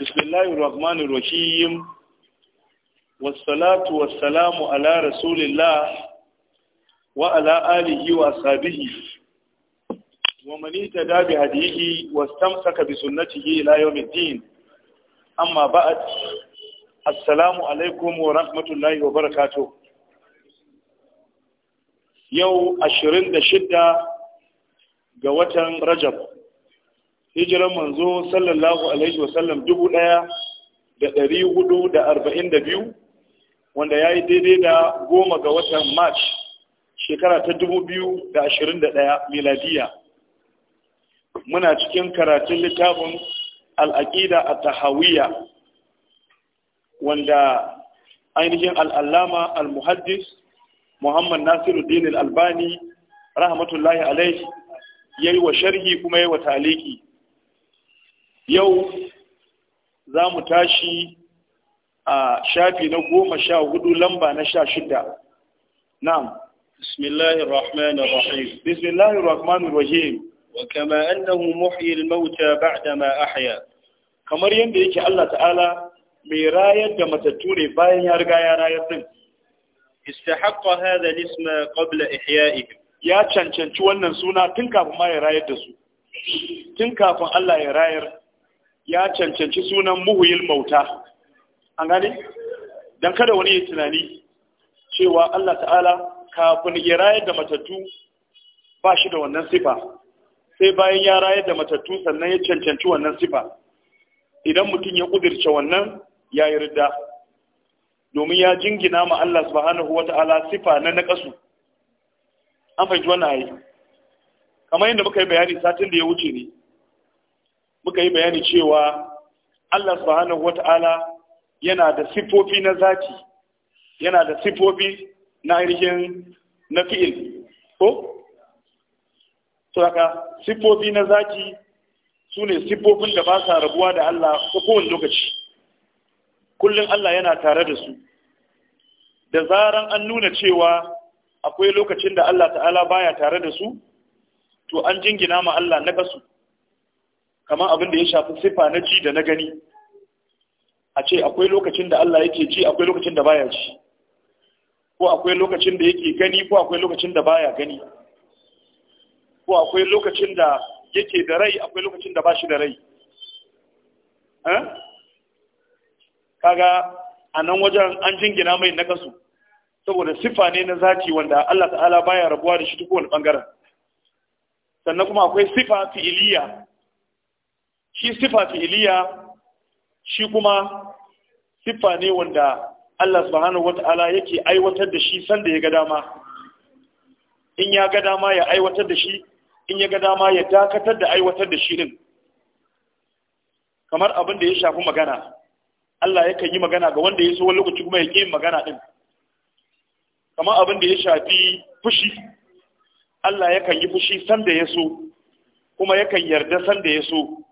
بسم الله الرحمن الرحيم والصلاة والسلام على رسول الله وعلى آله وأصحابه ومن اهتدى بهديه واستمسك بسنته إلى يوم الدين أما بعد السلام عليكم ورحمة الله وبركاته يوم 26 ga watan Rajab hijiran manzo sallallahu alaihi wasallam dubu ɗaya da ɗari hudu da arba'in da biyu wanda ya yi daidai da goma ga watan march shekara ta dubu biyu da ashirin da ɗaya miladiya muna cikin karatun littafin al'aƙida a tahawiyya wanda ainihin al'allama al-muhaddis muhammad nasiruddin al-albani rahmatullahi alaihi ya wa sharhi kuma yayi wa taliki yau za mu tashi a shafi na goma sha hudu lamba na sha shida na'am bismillahi rahmanir rahim bismillahir rahmanir rahim wa kama annahu muhyil mauta ba'dama ahya kamar yadda yake Allah ta'ala mai rayar da matattu ne bayan ya riga ya rayar din istahaqqa hadha al-isma qabla ihya'ihim ya cancanci wannan suna tun kafin ma ya rayar da su tun kafin Allah ya rayar ya cancanci sunan muhuyil mauta an gani, dan kada wani ya tunani cewa Allah ta'ala kafin ya rayar da matattu ba shi da wannan sifa sai bayan ya rayar da matattu sannan ya cancanci wannan sifa idan mutum ya kudirce wannan ya yi ridda domin ya jingina ma Allah subhanahu wata'ala sifa na nakasu. an fahimci wannan ayi kamar yadda muka yi bayani satin da ya wuce ne muka yi bayani cewa Allah subhanahu wata'ala yana da sifofi na zaki, yana da sifofi na ainihin na fi'il ko to haka sifofi na zati su ne sifofin da ba sa rabuwa da Allah ko kowane lokaci kullum Allah yana tare da su da zaran an nuna cewa akwai lokacin da Allah ta'ala baya tare da su to an jingina ma Allah na kasu kamar abin da ya shafi sifa na ji da na gani a ce akwai lokacin da Allah yake ji akwai lokacin da baya ji ko akwai lokacin da yake gani ko akwai lokacin da baya gani ko akwai lokacin da yake da rai akwai lokacin da bashi da rai eh? kaga a nan wajen an jingina mai nakasu saboda siffa ne na zati wanda Allah ta'ala baya rabuwa da shi duk wani bangaren sannan kuma akwai siffa fi'iliya shi sifa fi'iliya shi kuma siffa ne wanda Allah subhanahu wata'ala yake aiwatar da shi sanda ya ga dama in ya ga dama ya aiwatar da shi in ya ga dama ya dakatar da aiwatar da shi din kamar abin da ya shafi magana Allah yakan yi magana ga wanda ya so wani lokaci kuma ya ƙi magana din kamar abin da ya shafi fushi Allah yakan yi fushi sanda ya so kuma yakan yarda sanda ya so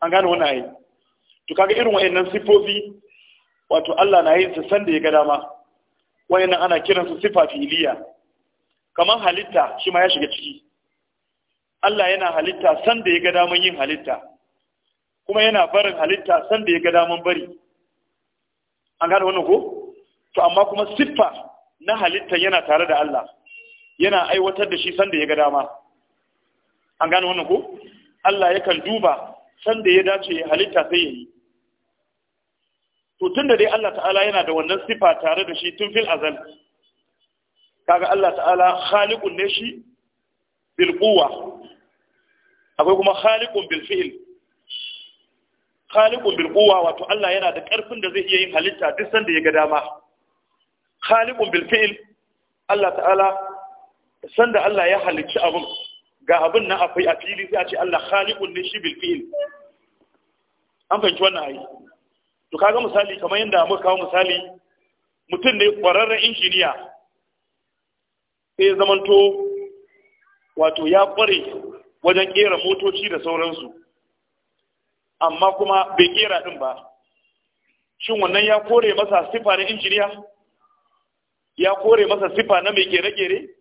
an gane wannan ayi to kaga irin wayannan sifofi wato Allah na yin su san da ya ga dama wayannan ana kiran su sifa fi'iliya kamar halitta shi ma ya shiga ciki Allah yana halitta san da ya ga daman yin halitta kuma yana barin halitta san da ya ga daman bari an gane wannan ko to amma kuma siffa na halitta yana tare da Allah yana aiwatar da shi san da ya ga dama an gane wannan ko Allah yakan duba san da ya dace halitta sai yi to tunda dai Allah ta'ala yana da wannan sifa tare da shi tun fil azal kaga Allah ta'ala khaliqun ne shi bil quwa akwai kuma khaliqun bil fi'l khaliqun bil quwa wato Allah yana da karfin da zai iya yin halitta duk sanda ya ga dama khaliqun bil fi'l Allah ta'ala sanda Allah ya halicci abun ga abin nan akwai a fili sai a ce Allah khaliqun ne shi bil fi'l an fahimci wannan ayi to kaga misali kamar yanda muka kawo misali mutum ne kwararren injiniya sai zamanto wato ya kware wajen kera motoci da sauransu amma kuma bai kera din ba shin wannan ya kore masa sifa na injiniya ya kore masa sifa na mai kere-kere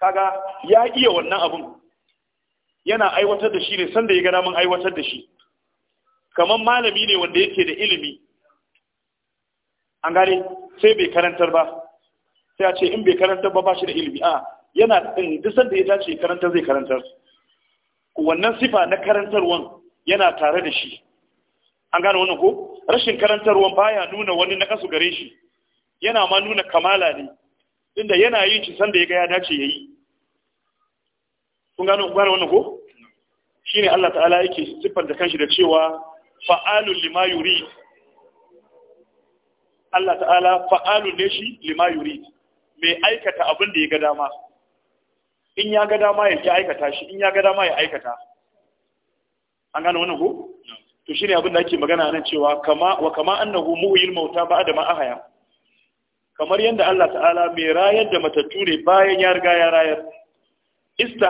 kaga ya iya wannan abun yana aiwatar da shi ne sanda ya ga mun aiwatar da shi kamar malami ne wanda yake da ilimi an gane sai bai karantar ba sai a ce in bai karantar ba ba shi da ilimi a yana in duk sanda ya dace karantar zai karantar wannan sifa na karantarwan yana tare da shi an gane wannan ko rashin karantarwan baya nuna wani na kasu gare shi yana ma nuna kamala ne tunda yana yin shi sanda ya ga ya dace yayi kun gano ku gane wannan ko shine Allah ta'ala yake siffar da kanshi da cewa fa'alul lima yuri Allah ta'ala fa'alul ne shi lima yuri mai aikata abin da ya ga dama in ya ga dama ya ki aikata shi in ya ga dama ya aikata an gane wannan ko to shine abin da ake magana nan cewa kama wa kama annahu muhyil mauta ba'da ma ahaya kamar yadda Allah ta'ala mai rayar da matattu ne bayan ya riga ya rayar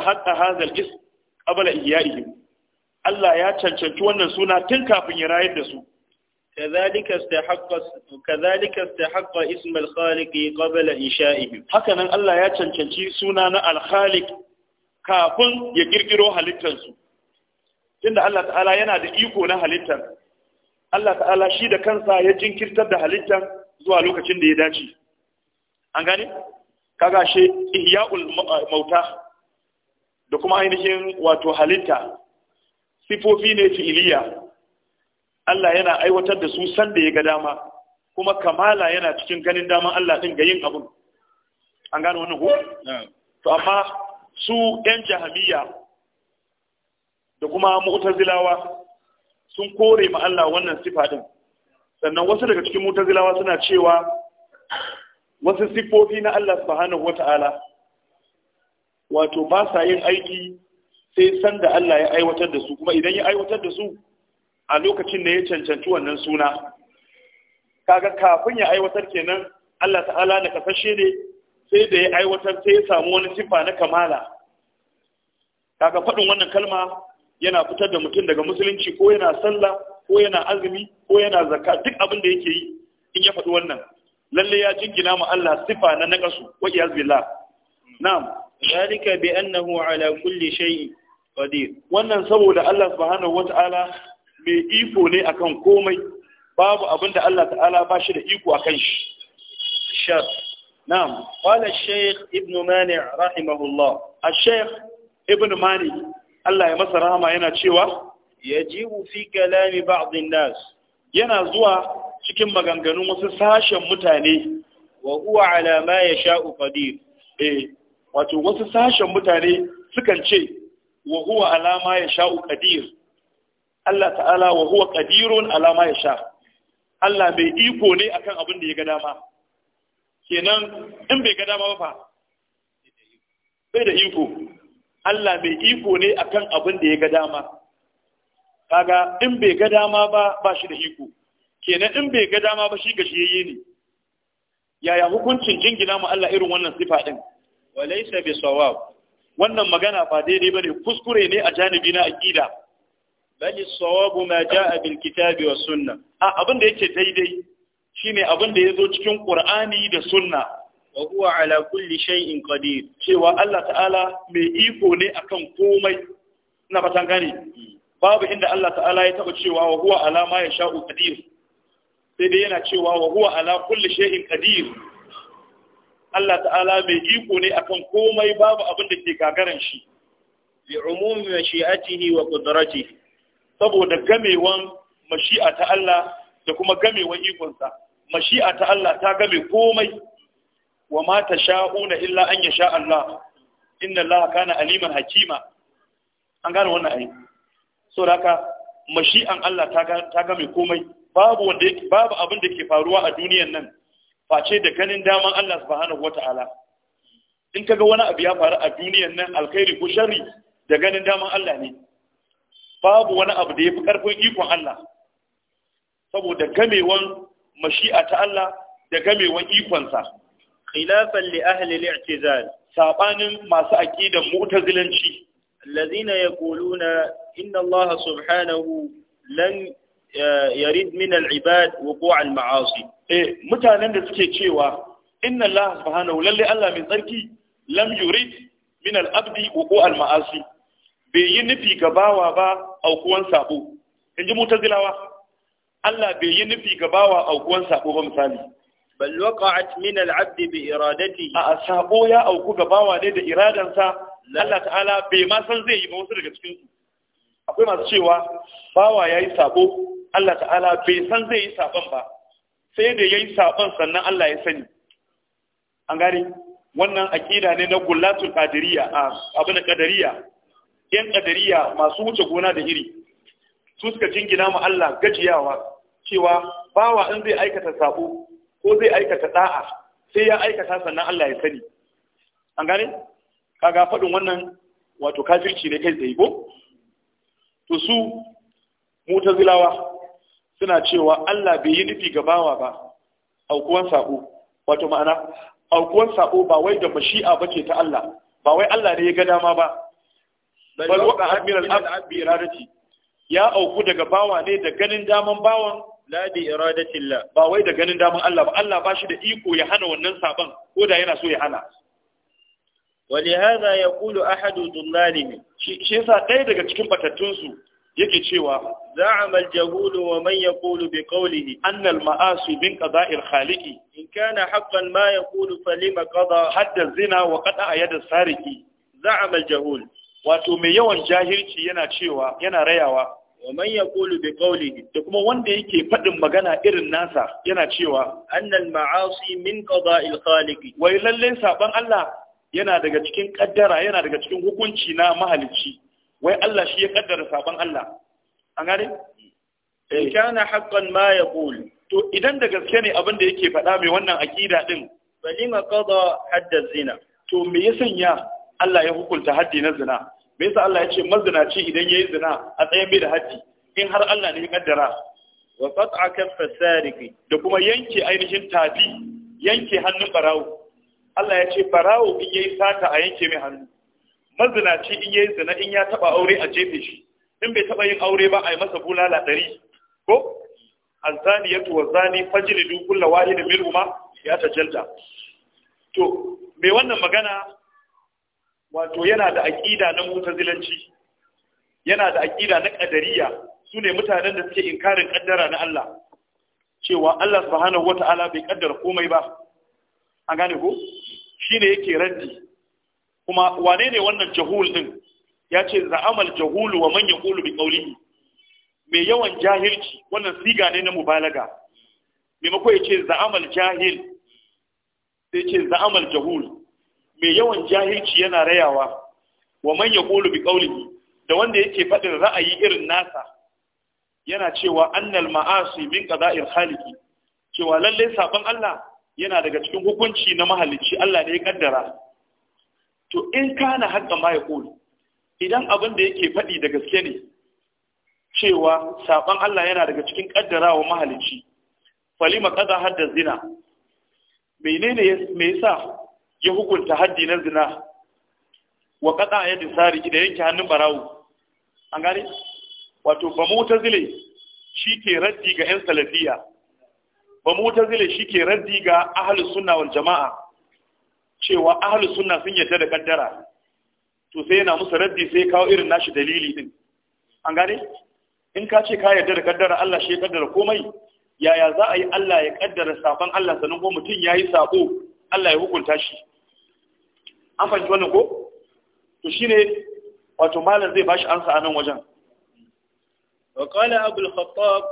hatta hazal is qabla iyaihim Allah ya cancanci wannan suna tun kafin ya rayar da su kazalika istahaqqa ism al-khaliq qabla قبل haka hakanan Allah ya cancanci suna na al-khaliq kafin ya kirkiro halittar su tunda Allah ta'ala yana da iko na halittar Allah ta'ala shi da kansa ya jinkirtar da halittar zuwa lokacin da ya dace an gane kaga she ihya'ul eh, mauta da kuma ainihin wato halitta sifofi ne fi'iliya Allah yana aiwatar da su sanda ya ga dama kuma kamala yana cikin ganin daman Allah din ga yin abun an gane wannan ko to amma su ɗan jahamiya da kuma mu'tazilawa sun kore ma Allah wannan sifa din sannan wasu daga cikin mutazilawa suna cewa wasu siffofi na Allah subhanahu wata'ala wato ba sa yin aiki sai san da Allah ya aiwatar da su kuma idan ya aiwatar da su a lokacin da ya cancanci wannan suna kaga kafin ya aiwatar kenan Allah ta'ala na kasashe ne sai da ya aiwatar sai ya samu wani siffa na kamala kaga faɗin wannan kalma yana fitar da mutum daga musulunci ko yana sallah ko yana azumi ko yana zakka duk abin da yake yi in ya faɗi wannan lalle ya jingina ma Allah sifa na nakasu, wa iyaz na'am zalika bi annahu ala kulli shay'in qadir wannan saboda Allah subhanahu wata'ala mai iko ne akan komai babu abin da Allah ta'ala ba shi da iko akan shi shar na'am qala shaykh ibn mani' rahimahullah ash-shaykh ibn mani Allah ya masa rahama yana cewa yajibu fi kalami ba'dhin nas yana zuwa cikin maganganun wasu sashen mutane wa huwa ala ma yasha'u qadir eh wato wasu sashen mutane sukan ce wa huwa ala ma yasha'u qadir Allah ta'ala wa huwa qadirun ala ma yasha Allah bai iko ne akan abin da ya ga dama kenan in bai ga dama ba fa bai da iko Allah bai iko ne akan abin da ya ga dama kaga in bai ga dama ba ba shi da iko kenan in bai ga dama ba shi gashiyayye ne yaya hukuncin jingina mu Allah irin wannan sifa din walaysa bi sawab wannan magana ba daidai bane kuskure ne a janibi na aqida bali sawabu ma jaa bil kitabi was sunna a abin da yake daidai shine abin da yazo cikin qur'ani da sunna wa huwa ala kulli shay'in qadir cewa Allah ta'ala mai iko ne akan komai ina fatan gane hmm. babu inda Allah ta'ala ya taba cewa wa huwa ala ma yasha'u qadir sai dai yana cewa wa huwa ala kulli shay'in qadir Allah ta'ala mai iko ne akan komai babu abin da ke gagaran shi bi umumi mashi'atihi wa qudratihi saboda gamewan mashi'a ta Allah da kuma gamewan ikonsa mashi'a ta Allah ta game komai wa ma sha'una illa an yasha Allah inna Allah kana aliman hakima an gane wannan ayi so haka mashi'an Allah ta ga mai komai babu wanda babu abin da ke faruwa a duniyan nan face da ganin daman Allah subhanahu wata'ala in kaga wani abu ya faru a duniyan nan alkhairi ko sharri da ganin daman Allah ne babu wani abu da yafi karfin ikon Allah saboda gamewan mashi'a ta Allah da gamewan ikonsa khilafan li ahli al-i'tizal sabanin masu aqidan mu'tazilanci الذين يقولون إن الله سبحانه لن يريد من العباد وقوع المعاصي إيه متانن da suke cewa inna Allah subhanahu lalle Allah mai tsarki lam yurid min al-abdi wuqu' bai yi nufi ga bawa ba aukuwan sabo inji mutazilawa Allah bai yi nufi ga bawa aukuwan sabo ba misali bal waqa'at min al-abdi bi iradati a ya auku gabawa ne da iradansa Allah ta'ala bai ma san zai yi ba wasu daga cikinsu akwai masu cewa bawa ya yi sabo Allah ta'ala bai san zai yi sabon ba sai da ya yi sabon sannan Allah ya sani an gane wannan aƙida ne na gullatul qadiriya a abin da qadariya yan qadariya masu wuce gona da iri su suka jingina mu Allah gajiyawa cewa bawa in zai aikata sabo ko zai aikata da'a sai ya aikata sannan Allah ya sani an gane kaga faɗin wannan wato kafirci ne kai tsaye ko to su mutazilawa suna cewa Allah bai yi nufi ga bawa ba aukuwan sako wato ma'ana aukuwan sako ba wai da mashi'a bace ta Allah ba wai Allah ne ya ga dama ba bal waqa min al iradati ya auku daga bawa ne da ganin daman bawan la bi iradatillah ba wai da ganin daman Allah ba Allah ba shi da iko ya hana wannan saban ko da yana so ya hana Wani ولهذا يقول أحد ضلالهم شيء ساقي daga cikin batattun su yake cewa za'ama al-jahul wa man yaqulu bi qawlihi anna al-ma'asi min qada'i al in kana haqqan ma yaqulu falima qada hadda zina wa qada yad as-sariqi za'ama al-jahul wato mai yawan jahilci yana cewa rayawa wa man yaqulu bi qawlihi da kuma wanda yake fadin magana irin nasa yana cewa annal ma'asi min qada'il khaliqi wai lalle saban Allah yana daga cikin kaddara yana daga cikin hukunci na mahalicci wai Allah shi ya kaddara saban Allah an gane eh. in kana haqqan ma yaqul to idan da gaske ne abin da yake faɗa mai wannan akida din balima qada hadda zina to me ya sanya Allah ya hukunta haddi na zina me yasa Allah ya ce mazinaci idan yayi zina a tsayin bai da haddi in har Allah ne ya kaddara wa qat'a kaffa sariqi da kuma yanke ainihin tabi yanke hannun barawo Allah ya ce farawo in yayi sata a yanke mai hannu mazinaci in yayi zina in ya taba aure a jefe shi in bai taba yin aure ba a yi masa bulala ɗari ko azaniyatu wa zani du kulla wahidin Miluma ya tajalda to mai wannan magana wato yana da aqida na mutazilanci yana da aqida na qadariya sune mutanen da suke inkarin kaddara na Allah cewa Allah subhanahu wata'ala bai kaddara komai ba an gane ko shine yake raddi kuma wane ne wannan jahul din ya ce za'amal jahulu wa man yaqulu bi qawlihi mai yawan jahilci wannan siga ne na mubalaga maimako ya ce za'amal jahil sai ce za'amal jahul mai yawan jahilci yana rayawa wa man yaqulu bi qawlihi da wanda yake faɗin ra'ayi irin nasa yana cewa annal ma'asi min qada'il khaliqi cewa lalle saban Allah yana daga cikin hukunci na mahalicci Allah ne ya kaddara to in kana haƙƙa ma ya idan abin da yake faɗi da gaske ne cewa saban Allah yana daga cikin kaddarawa mahalicci falima kaza hadda zina menene me yasa ya hukunta haddi na zina wa kaza ya disari da yanke hannun barawo an gane wato ba mutazile shi ke raddi ga yan salafiya ba zile shi ke raddi ga ahalus sunna wal jama'a cewa ahalus sunna sun yarda da kaddara to sai yana musu raddi sai kawo irin nashi dalili din an gane in ka ce ka yarda da kaddara Allah shi ya kaddara komai yaya za a yi Allah ya kaddara safan Allah sanin ko mutum ya yi sako Allah ya hukunta shi an fahimci wannan ko to shine wato malam zai bashi ansa a nan wajen وقال أبو الخطاب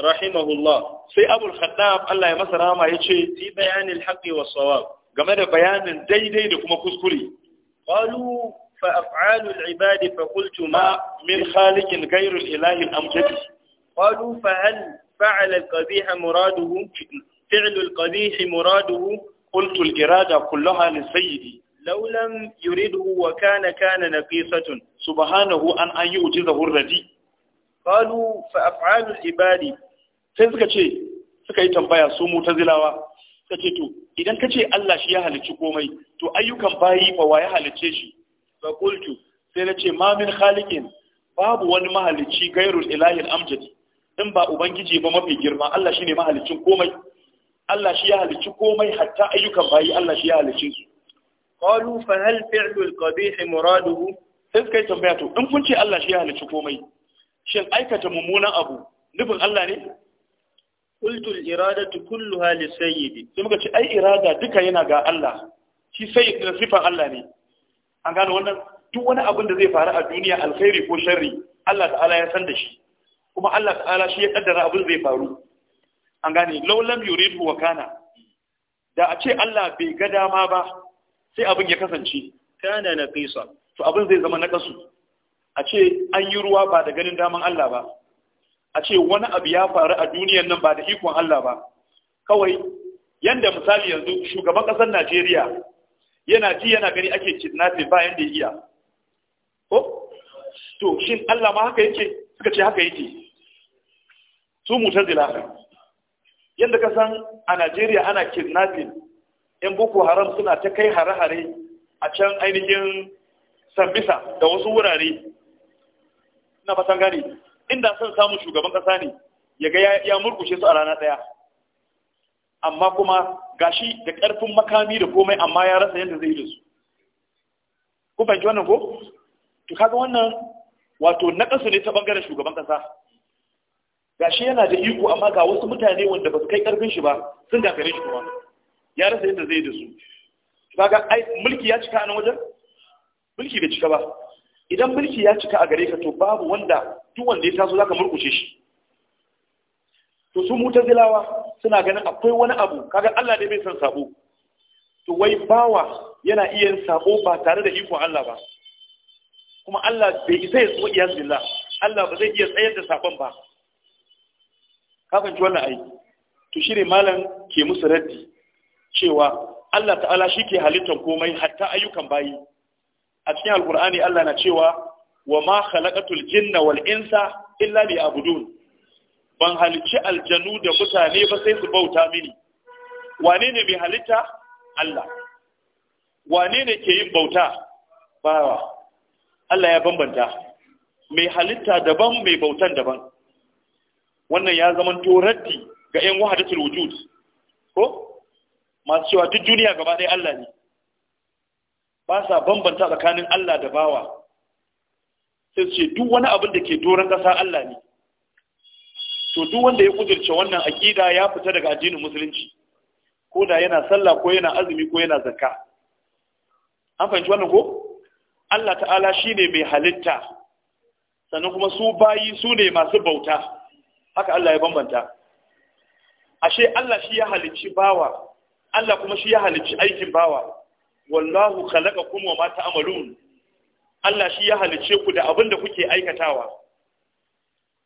rahimahullah sai abul Allah ya masa rama yace fi bayanil haqqi was sawab game da bayanin daidai da kuma kuskure qalu fa af'alul ibadi fa qultu ma min khaliqin ghayru ilahi al-amjad qalu fa hal fa'ala al-qabih muraduhu فعل القبيح مراده قلت الإرادة كلها للسيد لو لم يرده وكان كان نقيصة سبحانه أن أن يؤجزه الردي قالوا فأفعال العباد sai suka ce suka yi tambaya su zilawa suka ce to idan ka ce Allah shi ya halicci komai to ayyukan bayi fa wa ya halicce shi fa qultu sai na ce ma min khaliqin babu wani mahalicci gairul ilahil amjad in ba ubangiji ba mafi girma Allah shine mahaliccin komai Allah shi ya halicci komai hatta ayyukan bayi Allah shi ya halicce su qalu fa hal fi'lul qabih muraduhu sai suka yi tambaya to in kun ce Allah shi ya halicci komai shin aikata mummunan abu nufin Allah ne kultul iradatu kulluha sayyidi sai muka ce ai irada duka yana ga Allah shi sayyid da sifan Allah ne an gano wannan duk wani abin da zai faru a duniya alkhairi ko sharri Allah ta'ala ya san da shi kuma Allah ta'ala shi ya kaddara abin zai faru an gane law lam yurid wa kana da a ce Allah bai ga dama ba sai abin ya kasance kana naqisa to abin zai zama nakasu. a ce an yi ruwa ba da ganin daman Allah ba a ce wani abu ya faru a duniyan nan ba da ikon Allah ba kawai yanda misali yanzu shugaban ƙasar Najeriya yana ji yana gani ake kidnapping ba yanda ya iya ko to shin Allah ma haka yake suka ce haka yake su mutazila yanda ka san a Najeriya ana kidnapping yan boko haram suna ta kai hare-hare a can ainihin sambisa da wasu wurare na fatan gani inda son samun shugaban kasa ne ya ga ya murkushe su a rana ɗaya. amma kuma gashi da ƙarfin makami da komai amma ya rasa yadda zai yi da su ku fahimci wannan ko to kaga wannan wato na ƙasa ne ta bangaren shugaban kasa gashi yana da iko amma ga wasu mutane wanda ba su kai ƙarfin shi ba sun gagare shi kuma ya rasa yadda zai yi da su kaga ai mulki ya cika a nan wajen mulki bai cika ba idan mulki ya cika a gare ka to babu wanda duk wanda ya taso zaka murkushe shi to su mutazilawa suna ganin akwai wani abu kaga Allah ne bai san sabo to wai bawa yana iya yin sabo ba tare da ikon Allah ba kuma Allah bai isa ya tsoya iyaz Allah ba zai iya tsayar da sabon ba Kafin fahimci wannan ai to shine malam ke musu raddi cewa Allah ta'ala shi ke halittar komai hatta ayyukan bayi a cikin alkur'ani Allah na cewa wa ma khalaqatul jinna wal insa illa liya'budun ban halicci aljanu da mutane ba sai su bauta mini wane ne mai halitta Allah wane ne ke yin bauta bawa Allah ya bambanta mai halitta daban mai bautan daban wannan ya zama to ga 'yan wahadatul wujud ko masu cewa duk duniya gaba ɗaya Allah ne ba sa bambanta tsakanin Allah da bawa sai ce duk wani abin da ke doron ƙasa Allah ne to duk wanda ya kudirce wannan aƙida ya fita daga addinin musulunci ko da yana sallah ko yana azumi ko yana zakka an fahimci wannan ko Allah ta'ala shine mai halitta sannan kuma su bayi su ne masu bauta haka Allah ya bambanta ashe Allah shi ya halicci bawa Allah kuma shi ya halicci aikin bawa wallahu khalaqakum wa ma ta'malun Allah shi ya halice ku da abinda kuke aikatawa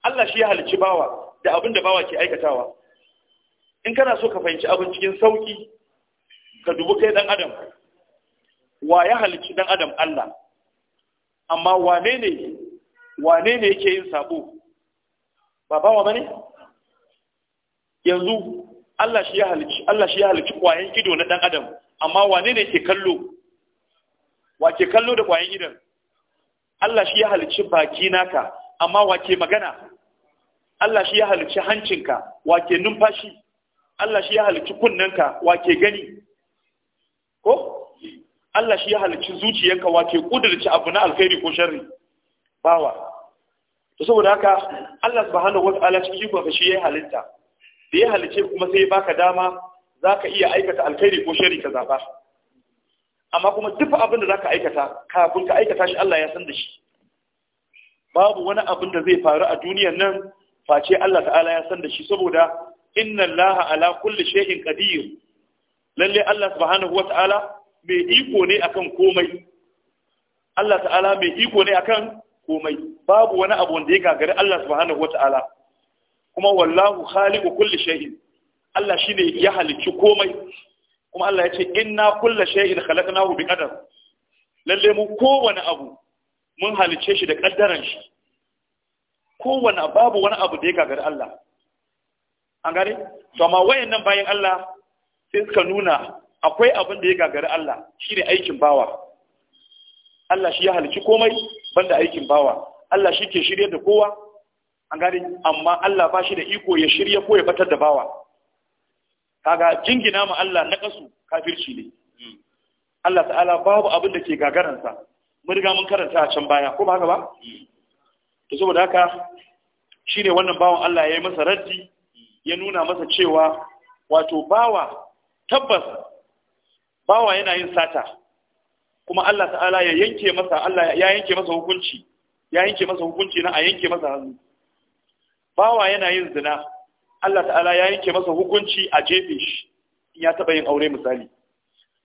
Allah shi ya halice bawa da abinda bawa ke aikatawa in kana so ka fahimci abin cikin sauki ka dubi kai dan adam wa ya halice dan adam Allah amma wane ne wane ne yake yin sabo ba bawa bane yanzu Allah shi ya halice Allah shi ya halice kwayan kido na dan adam amma wane ne ke kallo wa ke kallo da kwayan gidan Allah shi ya halicci baki naka amma wa ke magana Allah shi ya halicci hancinka wa ke numfashi Allah shi ya halicci kunnenka wa ke gani ko Allah shi ya halicci zuciyanka wa ke kudurci abu na alkhairi ko sharri bawa to saboda haka Allah subhanahu ta'ala cikin ikon shi ya halitta da ya halice kuma sai ya baka dama za ka iya aikata alkhairi ko shari ka zaɓa amma kuma duk abin da za ka aikata kafin ka aikata shi Allah ya san da shi babu wani abin da zai faru a duniyan nan face Allah ta'ala ya san da shi saboda inna laha ala kulli shay'in qadir lalle Allah subhanahu wata'ala mai iko ne akan komai Allah ta'ala mai iko ne akan komai babu wani abu wanda ya gagari Allah subhanahu wata'ala kuma wallahu khaliqu kulli shay'in Allah shi ne ya halicci komai kuma Allah ya ce inna kulla shay'in khalaqnahu bi qadar lalle mu kowane abu mun halice shi da kaddaran shi kowane babu wani abu da ya gagari Allah an gare to amma wayannan bayan Allah sai suka nuna akwai abin da ya gagari Allah shine aikin bawa Allah shi ya halici komai banda aikin bawa Allah shi ke shirye da kowa an gare amma Allah ba shi da iko ya shirye ko ya batar da bawa kaga jingina ma Allah na kasu kafirci ne hmm. Allah ta'ala babu abin da ke gagaransa mun riga mun karanta a can baya ko ba haka ba hmm. to saboda haka shine wannan bawan Allah ya yi masa raddi hmm. ya nuna masa cewa wato bawa tabbas bawa yana yin sata kuma Allah ta'ala ya yanke masa Allah ya yanke masa hukunci ya yanke masa hukunci na a yanke masa hannu bawa yana yin zina Allah ta'ala ya yanke masa hukunci a jefe shi in ya taɓa yin aure misali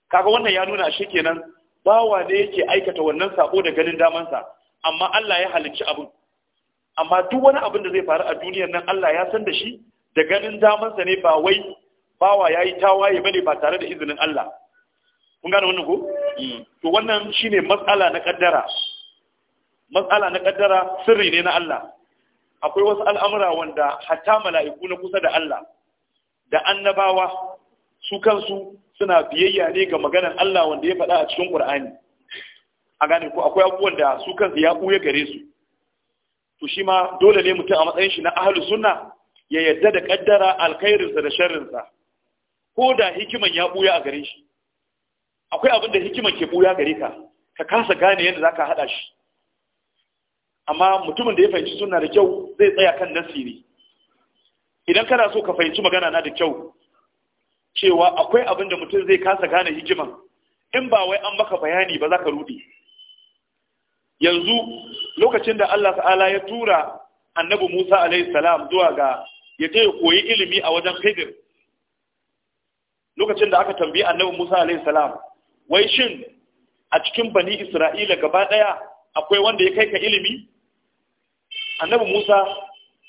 kaga wannan ya nuna ashe kenan bawa ne yake aikata wannan sako da ganin damansa amma Allah ya halicci abin amma duk wani abin da zai faru a duniyar nan Allah ya san da shi da ganin damansa ne ba wai bawa ya yi tawaye bane ba tare da izinin Allah kun gane wannan ko mm. to wannan shine matsala na kaddara matsala na kaddara sirri ne na Allah akwai wasu al'amura wanda hatta mala'iku na kusa da Allah da annabawa su kansu suna biyayya ne ga maganar Allah wanda ya faɗa a cikin ƙur'ani. a gane ku akwai abubuwan da su kansu ya ɓuya gare su to shi ma dole ne mutum a matsayin shi na ahlus sunna ya yadda da ƙaddara alkhairinsa da sharrinsa ko da hikiman ya ɓuya a gare shi akwai abin da hikiman ke ɓuya gare ka ka kasa gane yadda za ka haɗa shi amma mutumin da ya fahimci suna da kyau zai tsaya kan nasiri idan kana so ka fahimci magana na da kyau cewa akwai abin da mutum zai kasa gane hikima, in ba wai an maka bayani ba za ka rudi yanzu lokacin da Allah ta'ala ya tura annabi Musa alaihi salam zuwa ga ya je ya koyi ilimi a wajen Khidir lokacin da aka tambayi annabi Musa alaihi salam wai shin a cikin bani Isra'ila gaba daya akwai wanda ya kai ka ilimi annabi Musa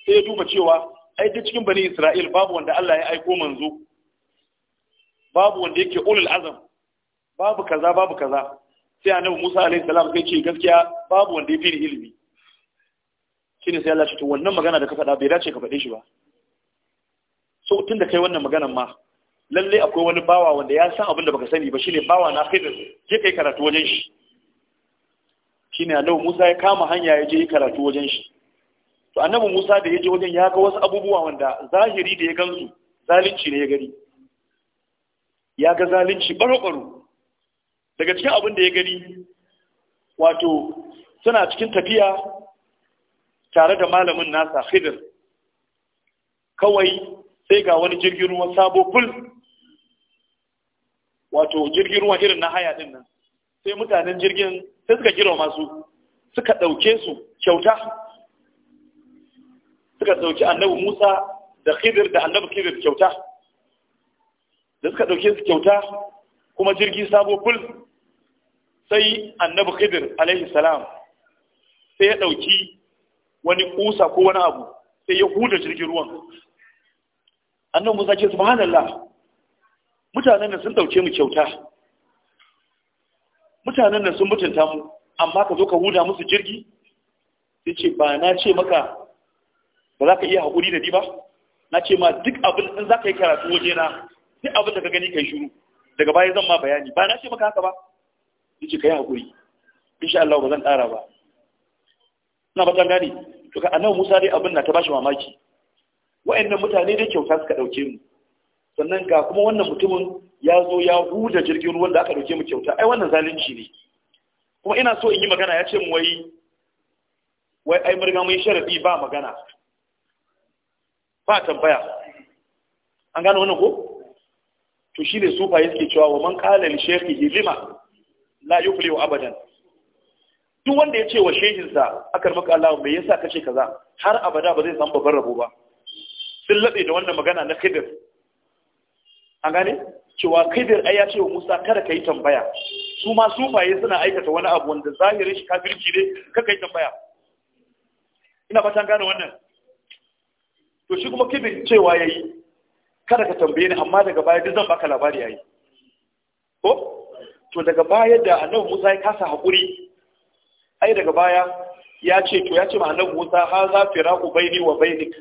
sai ya duba cewa ai duk cikin bani Isra'il babu wanda Allah ya aiko manzo babu wanda yake ulul azam babu kaza babu kaza sai annabi Musa alaihi salam sai ce gaskiya babu wanda yafi ni ilimi shine sai Allah ya ce wannan magana da ka faɗa bai dace ka faɗe shi ba so tunda kai wannan maganar ma lalle akwai wani bawa wanda ya san abin da baka sani ba shine bawa na da je kai karatu wajen shi shine annabi Musa ya kama hanya ya je karatu wajen shi to annabi Musa da ya ji wajen ya ga wasu abubuwa wanda zahiri da ya gansu zalunci ne ya gari. ya ga zalunci baro-baro daga cikin abin da ya gari wato suna cikin tafiya tare da malamin nasa Khidir kawai sai ga wani jirgin ruwa sabo kul wato jirgin ruwa irin na haya din nan sai mutanen jirgin sai suka kira masu suka ɗauke su kyauta suka dauki annabi Musa da Khidir da annabi Khidir kyauta da suka dauke su kyauta kuma jirgi sabo ful sai annabi Khidir alaihi salam sai ya dauki wani kusa ko wani abu sai ya huda jirgin ruwan annabi Musa ce subhanallah mutanen nan sun dauke mu kyauta mutanen nan sun mutunta mu amma ka zo ka huda musu jirgi sai ce ba na ce maka ba za ka iya haƙuri da ni ba na ce ma duk abin in za ka yi karatu waje na duk abin da ka gani kai shiru daga baya zan ma bayani ba na ce maka haka ba ka yi haƙuri sha Allah ba zan ƙara ba ina ba gane to ka annabi Musa dai abin na ta bashi mamaki wa'annan mutane dai kyauta suka dauke mu sannan ga kuma wannan mutumin ya zo ya huda jirgin ruwan da aka dauke mu kyauta ai wannan zalunci ne kuma ina so in yi magana ya ce mu wai wai ai mun riga mun sharadi ba magana ba tambaya an gano wannan ko to shi ne sufaye suke cewa wa man kala li shekhi hilima la yuflihu abadan duk wanda ya ce wa shehinsa aka maka Allah me yasa kace kaza har abada ba zai san babban rabo ba sun labe da wannan magana na khidir an gane cewa khidir ai ya ce wa Musa kada kai tambaya su ma sufaye suna aikata wani abu wanda zahirin shi kafirci ne kaka yi tambaya ina ta gane wannan to shi kuma kibin cewa yayi kada ka tambaye ni amma daga baya duk zan baka labari yayi ko to daga baya da annabi Musa ya kasa hakuri ai daga baya ya ce to ya ce ma annabi Musa ha za firaku baini wa bainik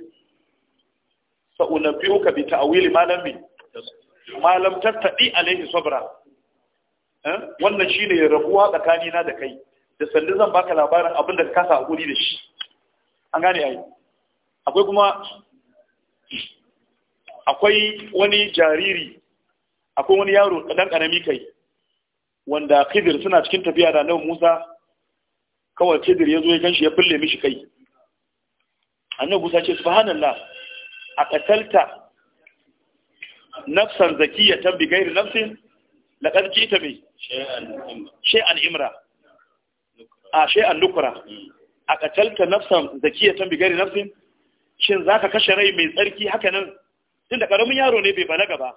fa unabiuka bi ta'wili ma lam ma lam tattadi alaihi sabra eh? wannan shine rabuwa tsakanina da kai da sandu zan baka labarin abin da ka kasa hakuri da shi an gane ai akwai kuma akwai wani jariri akwai wani yaro ɗan ƙarami kai wanda khidir suna cikin tafiya da annabi musa kawai khidir ya zo ya ganshi ya fille mishi kai annabi musa ce subhanallah a katalta nafsan zakiyatan bi gairi nafsin laqad jita bi shay'an imra a ah, shay'an nukra hmm. a katalta nafsan zakiyatan bi gairi nafsin shin za ka kashe rai mai tsarki haka nan tun da ƙaramin yaro ne bai balaga ba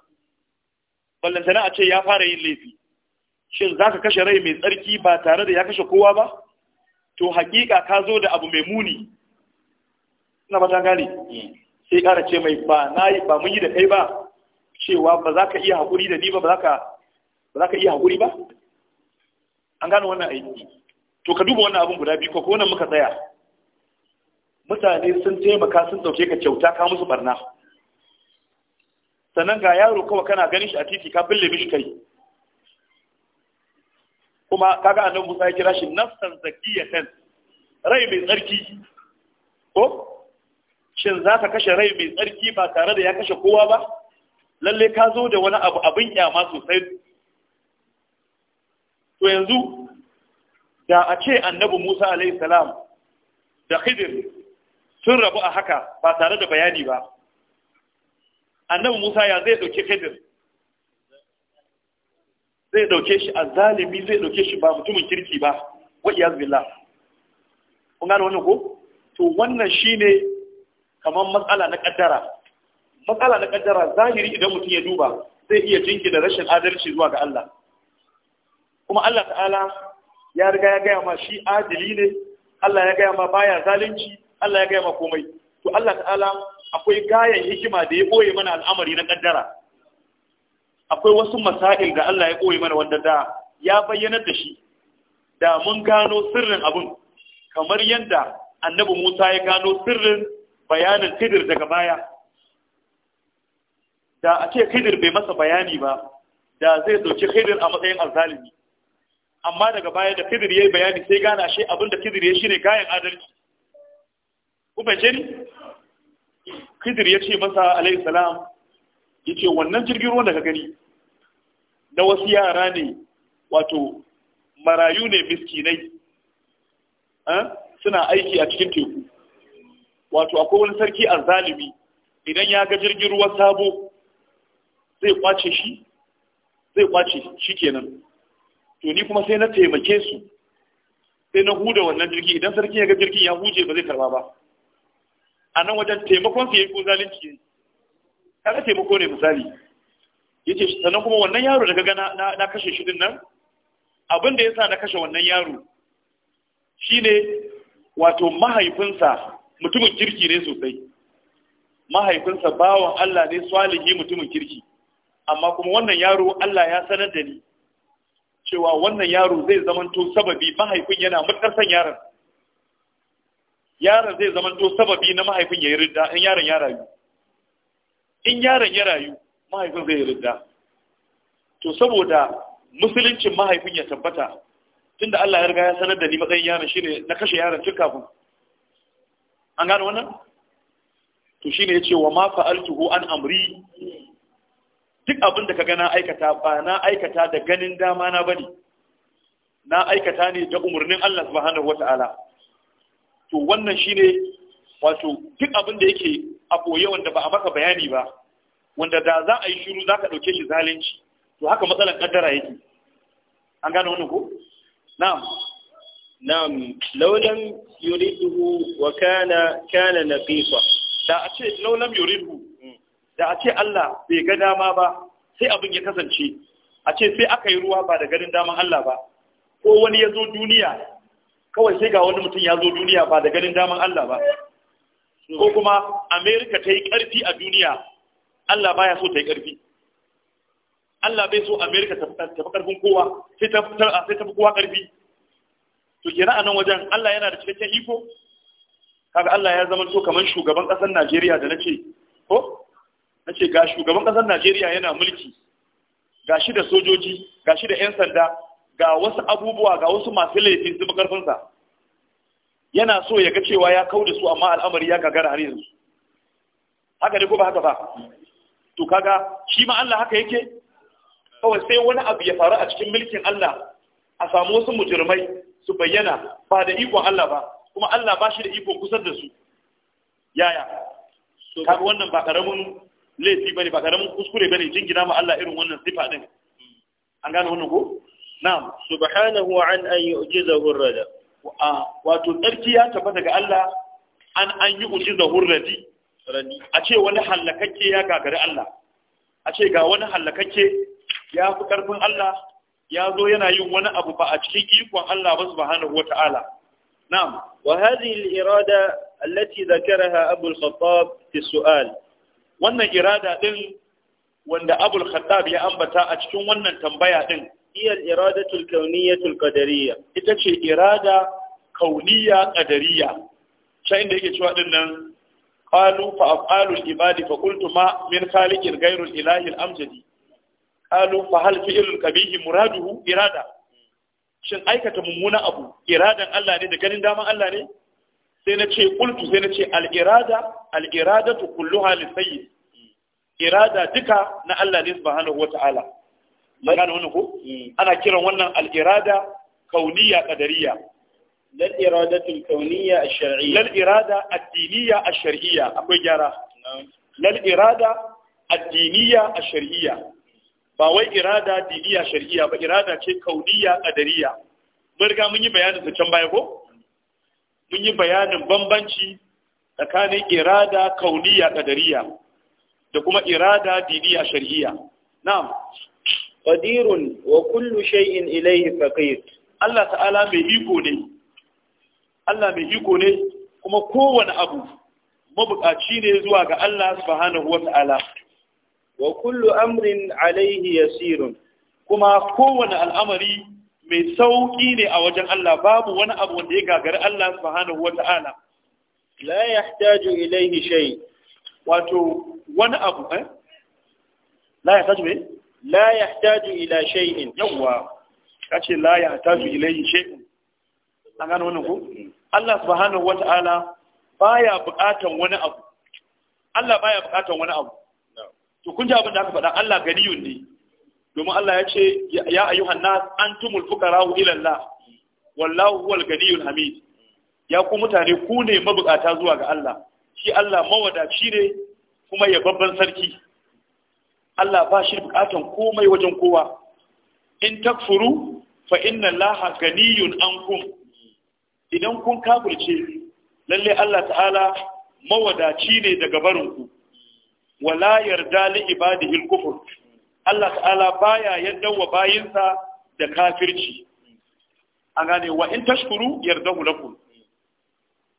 ballantana a ce ya fara yin laifi shin za ka kashe rai mai tsarki ba tare da ya kashe kowa ba to hakika ka zo da abu mai muni na ba ta gane sai ƙara ce mai ba na yi ba mun yi da kai ba cewa ba za ka iya haƙuri da ni ba ba za ka iya haƙuri ba an gane wannan aiki to ka duba wannan abin guda biyu ko wannan muka tsaya mutane sun taimaka sun ɗauke ka kyauta ka musu barna sannan ga yaro kawai kana ganin shi a titi ka bille mishi kai kuma kaga annabi Musa ya kira shi nafsan zakiyatan rai mai tsarki ko shin za ka kashe rai mai tsarki ba tare da ya kashe kowa ba lalle ka zo da wani abu abin kyama sosai to yanzu da a ce annabi Musa alaihi salam da Khidir sun rabu a haka ba tare da bayani ba annabi musa ya zai dauke khidir zai dauke shi zai dauke shi ba mutumin kirki ba wa iyaz kun gano wani ko to wannan shi ne kamar matsala na kaddara matsala na kaddara zahiri idan mutum ya duba zai iya da rashin adalci zuwa ga Allah kuma Allah ta'ala ya riga ya gaya ma shi adili ne Allah ya gaya ma baya zalunci Allah ya gaya ma komai to Allah ta'ala akwai gayan hikima da ya boye mana al'amari na kaddara akwai wasu masail da Allah ya boye mana wanda da ya bayyana da shi da mun gano sirrin abun kamar yadda annabi Musa ya gano sirrin bayanin Khidir daga baya da a ce Khidir bai masa bayani ba da zai dauki Khidir a matsayin alzalimi amma daga baya da Khidir yayi bayani sai gana shi abin da Khidir ya shine gayan adalci ku fahimce ni khidir ya ce masa alayhi salam ya ce wannan jirgin ruwan da ka gani na wasu yara ne wato marayu ne miskinai eh, suna aiki a cikin teku wato akwai wani sarki a zalimi idan ya ga jirgin ruwa sabo zai kwace shi zai kwace shi kenan to ni kuma sai na taimake su sai na huda wannan jirgi idan sarki ya ga jirgin ya huje ba zai karba ba a nan wajen taimakon su yi ko zalunci yayi kaga taimako ne misali Ya ce sannan kuma wannan yaro da kaga na na kashe shi din nan abin da sa na kashe wannan yaro shine wato mahaifinsa mutumin kirki ne sosai mahaifinsa bawan Allah ne salihi mutumin kirki amma kuma wannan yaro Allah ya sanar da ni cewa wannan yaro zai zamanto sababi mahaifin yana mutar son yaron yaron zai zama to sababi na mahaifin ya yi ridda in yaron ya rayu in yaron ya rayu mahaifin zai yi ridda to saboda musuluncin mahaifin ya tabbata tunda Allah ya riga ya sanar da ni matsayin yaron shine na kashe yaron tun kafin an gano wannan to shine yace wa ma fa'altuhu an amri duk abin da kaga na aikata ba na aikata da ganin dama na bane na aikata ne da umarnin Allah subhanahu wata'ala to wannan shine wato duk abin da yake a boye wanda ba a maka bayani ba wanda da za a yi shiru za ka ɗauke shi zalunci to haka matsalar kaddara yake an gane wani ko na'am na'am laulam yuridu wa kana kana naqifa da a ce laulam Yuridu, da a ce Allah bai ga dama ba sai abin ya kasance a ce sai aka yi ruwa ba da ganin daman Allah ba ko wani ya zo duniya kawai sai ga wani mutum ya zo duniya ba da ganin daman Allah ba ko kuma Amerika ta yi ƙarfi a duniya Allah baya so ta yi ƙarfi Allah bai so Amerika ta fi ƙarfin kowa sai ta fi kowa ƙarfi to ke a nan wajen Allah yana da cikakken iko kaga Allah ya zama so kamar shugaban ƙasar Najeriya da nace ko nace ga shugaban ƙasar Najeriya yana mulki gashi da sojoji gashi da 'yan sanda ga wasu abubuwa ga wasu masu laifi su makarfinsa yana so ya ga cewa ya kau da su amma al'amari ya gagara har yanzu haka ne ko ba haka ba to kaga shi ma Allah haka yake kawai sai wani abu ya faru a cikin mulkin Allah a samu wasu mujirmai su bayyana ba da ikon Allah ba kuma Allah ba shi da ikon kusar da su yaya kaga wannan ba karamin laifi bane ba karamin kuskure bane jingina ma Allah irin wannan sifa din an gane wannan ko na'am subhanahu an an yu'jizahu ar-rada wato tsarki ya tabbata daga Allah an an yi ujiza hurradi a ce wani hallakakke ya gagari Allah a ce ga wani hallakakke ya fi ƙarfin Allah ya zo yana yin wani abu ba a cikin ikon Allah ba subhanahu wata'ala na'am wa hadhihi al-irada allati dhakaraha Abu al-Khattab fi su'al wannan irada din wanda Abu al-Khattab ya ambata a cikin wannan tambaya din iya iradatul kauniyatul qadariyya ita ce irada kauniya qadariyya sai inda yake cewa din nan qalu fa af'alul ibadi fa qultu ma min khaliqin ghayrul ilahi al hal fi'lul qabihi muraduhu irada shin aikata mummuna abu iradan Allah ne da ganin daman Allah ne sai na ce qultu sai na ce al-irada al-iradatu kulluha lisayyid irada duka na Allah ne subhanahu wata'ala an gane wannan ko mm. ana kiran wannan al'irada kauniya kauniyya Lal'irada lal iradatul kauniyya ash-shar'iyya lal irada akwai gyara Lal'irada addiniya a diniyya ba wai irada diniya shar'iyya ba irada ce kauniya qadariyya mun riga mun yi bayanin su can baya ko mun yi bayanin bambanci tsakanin irada kauniya qadariyya da kuma irada diniya shar'iyya na'am qadirun wa kullu shay'in ilayhi faqir Allah ta'ala mai iko ne kuma kowane abu mabukaci ne zuwa ga Allah subhanahu wa ta'ala wa kullu amrin alayhi yasirun kuma kowane al'amari mai sauƙi ne a wajen Allah babu wani abu wanda ya gagari Allah subhanahu wa ta'ala wato wani abu eh? la la yahtaju ila shay'in yawa kace la yahtaju ilayhi an gano wannan ko Allah subhanahu wata'ala baya buƙatan wani abu Allah baya buƙatan wani abu to kun ji abin da aka faɗa Allah ganiyun ne domin Allah ya ce ya ayyuhan nas antumul fuqara'u ila Allah wallahu huwal ganiyul hamid ya ku mutane ku ne mabukata zuwa ga Allah shi Allah mawadaci ne kuma ya babban sarki Allah ba shi bukatan komai wajen kowa in takfuru fa inna laha ganiyun ankum idan kun kafirce lalle Allah ta'ala mawadaci ne daga barinku wala yarda li ibadihi al-kufr Allah ta'ala baya yadda wa bayinsa da kafirci an gane wa in tashkuru yardahu lakum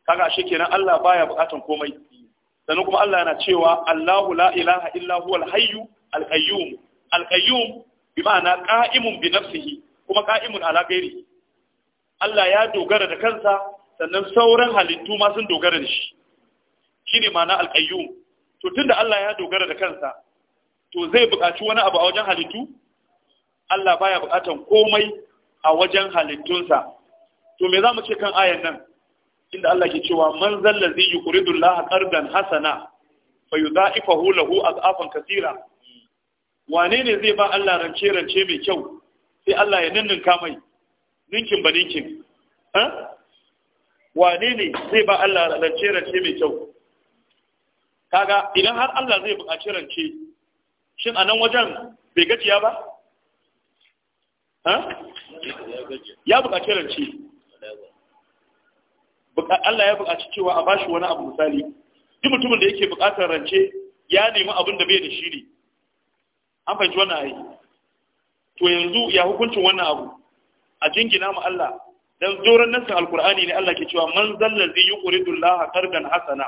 kaga kenan Allah baya bukatan komai sannan kuma Allah yana cewa Allahu la ilaha illa huwal hayyu al-qayyum bi ma'ana qa'imun bi nafsihi kuma qa'imun ala ghairihi Allah ya dogara da kansa sannan sauran halittu ma sun dogara da shi shine ma'ana al to tunda Allah ya dogara da kansa to zai buƙaci wani abu a wajen halittu Allah baya buƙatan komai a wajen halittunsa to me za mu ce kan ayan nan inda Allah ke cewa man zallazi yuqridu Allah qardan hasana fayudha'ifahu lahu ad'afan kathira wane ne zai ba Allah rance rance mai kyau sai Allah ya ninninka mai ninkin ba ninkin wane ne zai ba Allah rance rance mai kyau kaga idan har Allah zai buƙaci rance shin a nan wajen bai gajiya ba ya buƙaci rance Allah ya buƙaci cewa a bashi wani abu misali duk mutumin da yake buƙatar rance ya nemi abin da bai da shi ne an fahimci wannan ayi to yanzu ya hukuncin wannan abu a jingina mu Allah dan doran nan san alqur'ani ne Allah ke cewa man zallazi yuqridu Allah qardan hasana